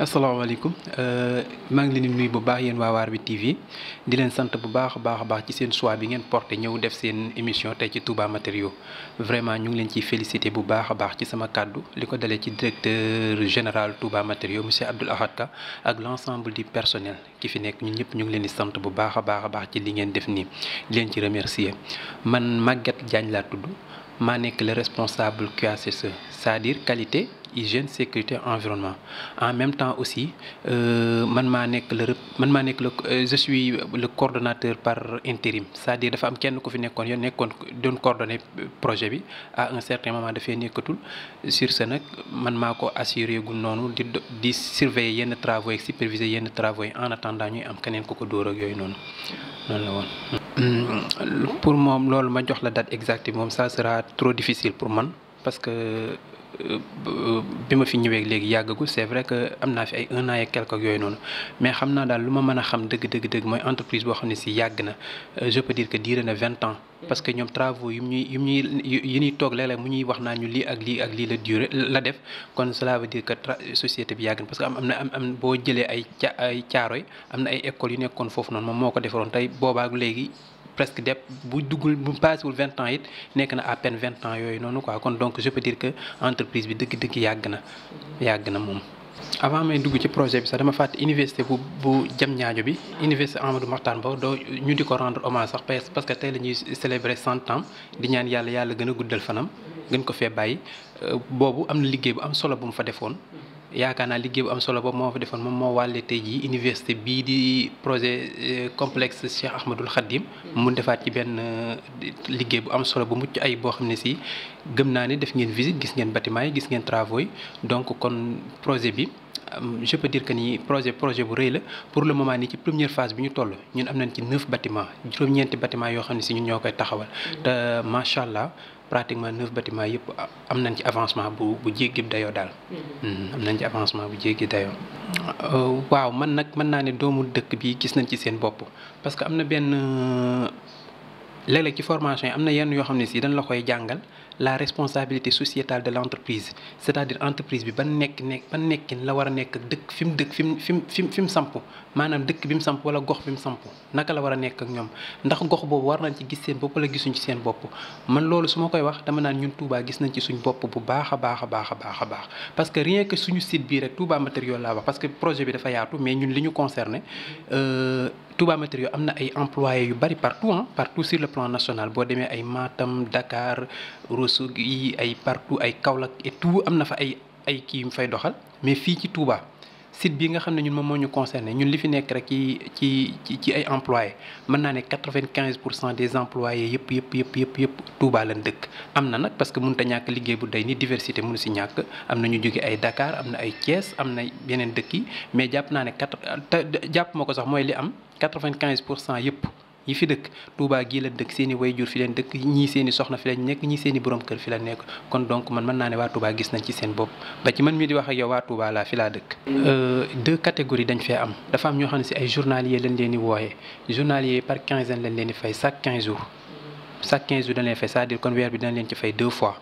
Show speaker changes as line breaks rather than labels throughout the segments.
asalaamaaleykum euh, maa ngi leen di nuyu bu baax yéen waa Waarwi TV di leen sant bu baax baax baax ci seen choix bi ngeen porté ñëw def seen émission tey ci Touba Matériaux vraiment ñu ngi leen ciy félicité bu baax a baax ci sama kàddu li ko dalee ci directeur général Touba Matériaux monsieur Abdoul Ahad ak l' ensemble du personnel ki fi nekk ñun ñëpp ñu ngi leen di sant bu baax a baax baax ci li ngeen def nii di leen ci remercier man Maguette Diagne laa tudd maa nekk le responsable QACC e, c'est-à-dire qualité. hygiène sécurité environnement en même temps aussi euh, man maa nekk le man maa nekk le euh, je suis le coordonnateur par intérim cest dire dafa am kenn ku fi nekkoon yoon nekkoon doon coordonné projet bi à un certain moment dafay nekkatul sur nag man maa ko assuré gu noonu di di surveiller yenn travaux yi superviser yenn travaux en attendant ñuy am keneen ku ko dóor yooyu noonu hmm. pour moom loolu ma jox la date exacte moom ça sera trop difficile pour man parce Euh, bi ma fi ñëwee léegi yàggagul c'est vrai que am naa fi ay un an quelque yooyu noonu mais xam naa daal lu ma mën a xam dëgg dëgg dëgg mooy entreprise boo xam ne si yàgg na euh, je peux dire que diire na vingt ans. parce que ñoom travaux yu ñuy yu ñuy yi ñuy toog léeg-léeg mu ñuy wax naa ñu lii ak lii ak lii la durée la def kon cela veut dire que société bi yàgg na parce que am am na am boo jëlee ay ca ay caaroy am na ay écoles yu nekkoon foofu noonu moom moo ko defaroon tey boobaag léegi. presque dep bu duggul bu paasewul vingt ans it nekk na à vingt ans yooyu noonu quoi kon donc je peux dire que entreprise bi dëgg-dëgg yàgg na yàgg na moom. avant may dugg ci projet bi sax dama fàtte université bu bu jam ñaajo bi université Amadou Mahtar Mbow doo ñu di ko rendre hommage sax parce que tey la ñuy célébrer cent ans di ñaan yàlla yàlla gën a guddal fanam gën ko fee bàyyi euh, boobu am na liggéey bu am solo bu mu fa defoon. yaakaar naa liggéey bu am solo boobu moo fa defoon moom moo wàlle tey université bii di projet euh, complexe Cheikh Ahmadul Khadim mu defaat ci benn euh, liggéey bu am solo bu mucc ay boo xam ne si gëm naa ne def ngeen visite gis ngeen bâtiment yi gis ngeen travaux donc kon projet bi euh, je peut dire que ni projet projet bu rëy la pour le moment nii ci première phase bi ñu toll ñun am nañ ci neuf bâtiment juróom-ñeenti bâtiment yoo xam ne si ñun ñoo koy taxawal te macha allah. pratiquement neuf batiment yëpp am nañ ci avancement bu bu jéggi dayoo daal. Mm-hmm. Mm-hmm. am nañ ci avancement bu jéggi dayoo. Euh, waaw man nag mën naa ne doomu dëkk bi gis nañ ci seen bopp parce que am na benn euh, léeg-léeg ci formation yi am na yenn yoo xam ne sii dañ la koy jàngal. la responsabilité sociétale de l' entreprise c' est à dire entreprise bi ban nekk nekk ban nekkin la war a nekk dëkk fi mu dëkk fi mu fi mu fi mu fi mu samp maanaam dëkk bi mu samp wala gox bi mu samp naka la war a nekk ak ñoom ndax gox boobu war nañ ci gis seen bopp wala gisuñ ci seen bopp man loolu su ma koy wax dama naan ñun Touba gis nañ ci suñ bopp bu baax a baax a baax a baax a baax parce que rien que suñu site bii rek Touba matériel laa wax parce que projet bi dafa yaatu ñun li ñu concerné euh, Touba Matériaux am na ay employés yu bari partout ah partout sur le plan national boo demee ay Matam Dakar Ourossogui ay partout ay Kaolack et tout am na fa ay ay kii mu fay doxal mais fii ci Touba. site bi nga xam ne ñun moom moo ñu concerné ñun li fi nekk rek ci ci ci ay employés mën naa ne quatre-vingt-quinze pour cent des employés yëpp yëpp yëpp yëpp yëpp Touba lañ dëkk. am na nag parce que mënut a ñàkk liggéey bu dey ni diversité munu si ñàkk am na ñu jóge ay dakaar am na ay Thiès am na yeneen dëkk mais jàpp naa ne quatre jàpp ma ko sax mooy li am quatre-vingt-quinze pour cent yëpp. yi fi dëkk Touba gi la dëkk seen i jur fi leen dëkk ñii seeni soxna fi lañ nekk ñi seeni borom kër fi la nekk kon donc man mën naa ne waa Touba gis nañ ci seen bopp ba ci man mii di wax ak yow waa Touba laa fi laa dëkk. Euh, deux catégories dañ fee am dafa am ñoo xam ne si ay journalier lañ leen di wooyee journalier par quinzaine lañ leen di fay chaque quinze jours chaque quinze jours dañ leen fay cest kon weer bi dinañ leen ci fay deux fois.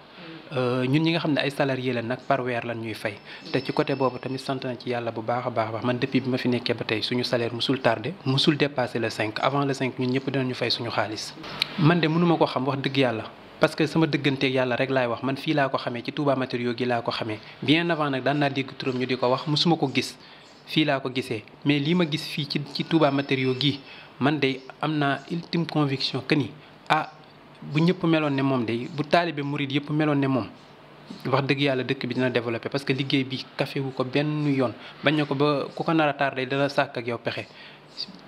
Euh, ñun ñi nga xam ne ay salarié la nag par lan ñuy fay te ci côté boobu tamit sant na ci yàlla bu baax a baax man depuis bi ma fi nekkee ba tey suñu salaire musul tardé musul dépassé le 5 avant le 5 ñun ñëpp dinañu fay suñu xaalis man de mënuma ko xam wax dëgg yàlla parce que sama dëgganteeg yàlla rek laay wax man fii laa ko xamee ci Touba matériaux gi laa ko xamee bien avant nag daan naa dégg turam ñu di ko wax musuma ko gis fii laa ko gisee mais lii ma gis fii ci ci Touba matériaux gi man de am naa ultime conviction que ni ah, bu ñëpp meloon ne moom de bu taalibe murid yëpp meloon ne moom wax dëgg yàlla dëkk bi dina développé parce que liggéey bi café wu ko benn yoon bañ na ko ba ku ko nar a tardé dana sàkk ak yow pexe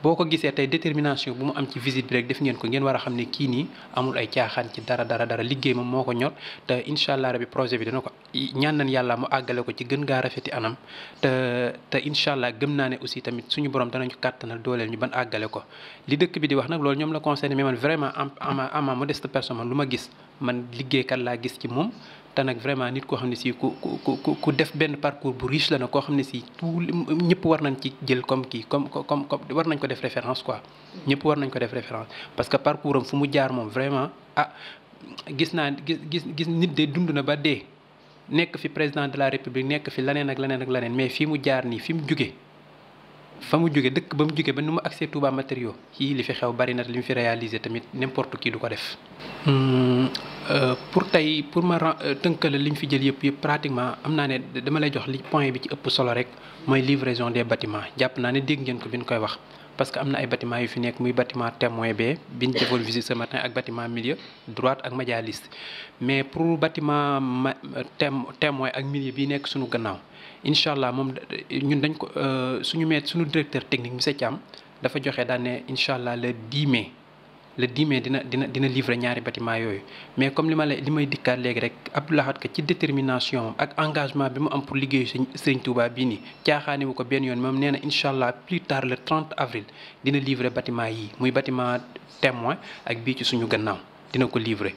boo ko gisee tey détermination bu mu am ci visite bi rek def ngeen ko ngeen war a xam ne kii nii amul ay caaxaan ci dara dara dara liggéey moom moo ko ñor te incha allah rabi projet bi dana ko ñaan nañ yàlla mu àggale ko ci gën gaa rafeti anam te te incha allah gëm naa ne aussi tamit suñu borom danañu kàttanal dooleel ñu ban àggale ko dëkk bi di wax nag loolu ñoom la concerné mais man vraiment ama ama modeste personne lu ma gis man liggéeykat laa gis ci moom te nag vraiment nit ko xam ne si ku ku ku def benn parcours bu riche la koo xam ne si tout ñëpp war nañ ci jël comme kii comme comme comme war nañ ko def référence quoi. ñëpp war nañ ko def référence parce que parcours am fu mu moom vraiment ah gis naa gis gis gis nit de dund na ba dee nekk fi président de la république nekk fi laneen ak laneen ak laneen mais fi mu jaar nii fi mu jugee. fa mu jóge dëkk ba mu jógee ba ni mu accès Touba matériaux yii li fi xew bari na li mu fi réalisé tamit n'importe kii du ko def. Hmm, euh, pour tey pour ma euh, tënkale li ñu fi jël yëpp yëpp pratiquement am naa ne dama lay jox li point bi ci ëpp solo rek mooy livraison des batiment jàpp naa ne dégg ngeen ko bi ñu koy wax. parce que am na ay bâtiment yu fi nekk muy batiment témoin bee bi ñu defoon visite ak bâtiment milieu droite ak médialiste mais pour batiment ma témoin ak milieu bi nekk suñu gannaaw incha allah moom ñun dañ ko euh, suñu met suñu directeur technique monsieur Thiam dafa joxe daan ne incha allah le 10 mai. le 10 mai dina dina dina livrer ñaari bâtiment yooyu mais comme li ma la li may dikkaat léegi rek Abdou Lahad ci détermination ak engagement bi mu am pour liggéeyu sëñ sëriñ Touba bii nii caaxaane ko benn yoon moom nee na incha allah plus tard le 30 avril dina livrer bâtiment yi muy bâtiment témoin ak bii ci suñu gannaaw dina ko livrer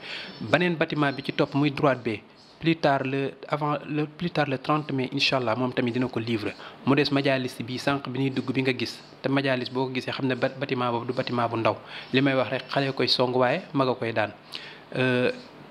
beneen batiment bi ci topp muy droite bi plus tard le avant le plus tard le 30 mai incha allah moom tamit dina ko livrer mu des majalis bi sànq bi ñuy dugg bi nga gis te majalis boo ko gisee xam ne bâtiment boobu du bâtiment bu ndaw li may wax rek xale koy song waaye mag a koy daan euh,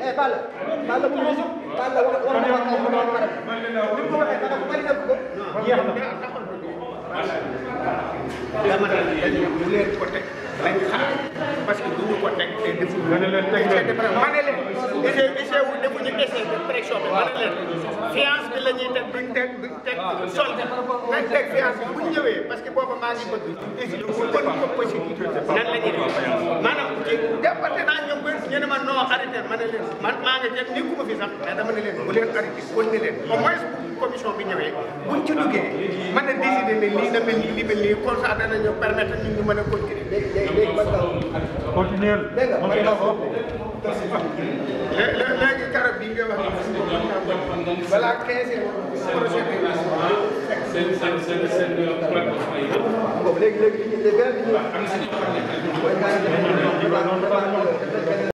eh Balla Balla bu ñu Balla wax wax na ko ko ko def ni ko waxee dana ko bari def ko jeex na dama dañu ñu leen ko teg lañ xam parce que duñu ko teg te defu ma ne leen ma ne leen essai essai wu defu ñu essai de pression bi ma ne leen fiance bi la ñuy teg duñ teg duñ teg solde nañ teg fiance bi bu ñu ñëwee parce que booba maa ngi bëgg essai bu ko possible nan la ñuy def maanaam ci jàppante ngeen man non arrêté ma ne leen man maa ngi jël nii ku ma fi sax mais dama ne leen bu leen arrêté kon ne leen au moins bu commission bi ñëwee buñ ci duggee mën a décider ne lii na mel nii li mel nii comme ça danañu permettre ñun ñu mën a continuer. léegi léegi man daal continuer léegi man daal léegi garab bi nga wax ni balaa 15 projet bi seen seen seen seen léegi léegi